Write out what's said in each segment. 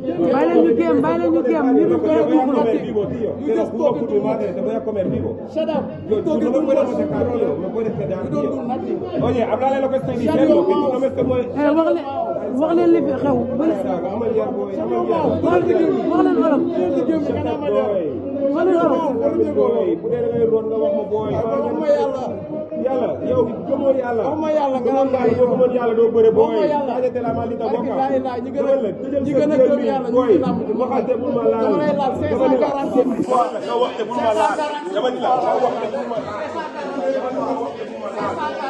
Bale ñu gem, bale ñu gem, ñu non puedo con vivo, tío. Te lo juro por tu madre, te voy a comer vivo. Shut up. Yo, tú no me puedes sacar, rollo, me puedes quedar. Oye, háblale lo que estoy diciendo, que tú no me estás Eh, waxle, waxle li fi xew. Bale. Amal yar boy. Waxle wolof. man la booy bu dee da ngay roon nga wax ma booy. waxuma yàlla. yàlla yow gëmoo yàlla. waxuma yàlla gannaaw naa yow gëmoon yàlla doo bëre booy. waxuma yàlla parce que ñi gën a ñi gën a gëm yàlla ñu ngi làmb di wax. dama lay laal 547. nga wax te bul ma laal dama ni la nga wax te bul ma laal.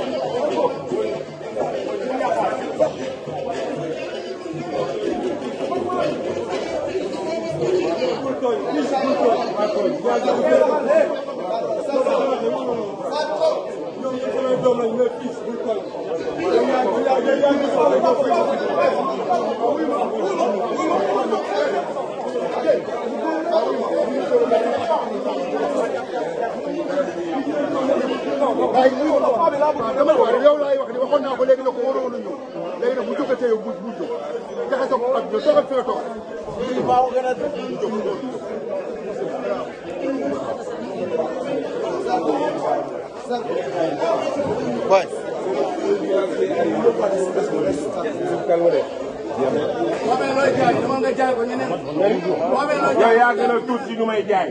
tooñ fii bul tooñ maa tooñ yaa jox ko ñoom ñu samay doom lañ mais fii bul tooñ yow laay wax ni waxoon naa ko léegi na ko waroon a ñëw léegi nag bu jógatee yow bu bu jóg jaxasoo ko ak ñoom toogal fi nga toog maa ko gën a jóg waay yow yaa gën a tuut si ñu may jaay.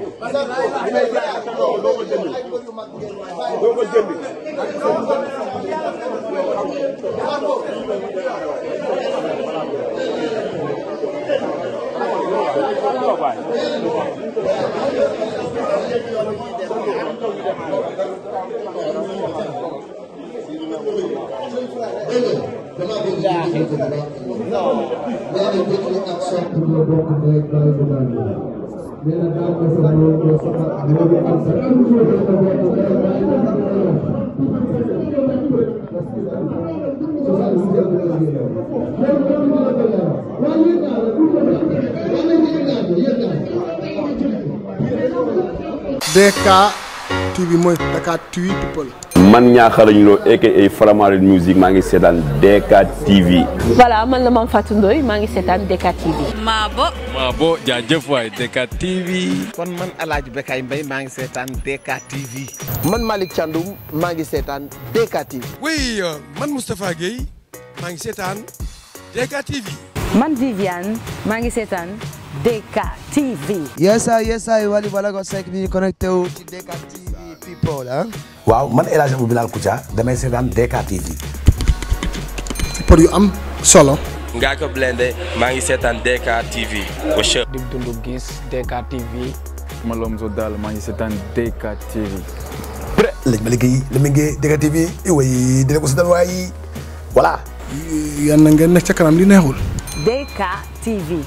dama bëgg mooy DK TV people. man ñaaxarañ loo aka Faramareen musique maa ngi seetaan DK TV. voilà man la Mame Fatou Ndoye maa ngi seetaan DK TV. Maabo. Maabo jaajëf waay DK TV. kon man El Hadj Bekay maa ngi seetaan DK TV. man Malick Thiandoum maa ngi seetaan DK TV. oui euh, man Moustapha Guèye maa ngi seetaan DK TV. man Viviane maa ngi seetaan DK TV. yes sir yes sir Wally Ballago Seck mi ngi connecté wu ci DK TV. pro waaw man El Hadj Abou Bilal Koutia damay seetaan DK TV. pour yu am solo. ngaa ko maa ngi seetaan DK TV. di dundu gis DK TV. Malom so daal maa ngi seetaan DK TV. la ma liggéey la mi ngi DK TV iway eh dina ko seetaan waayi voilà. yal na ngeen nekk li neexul. DK TV.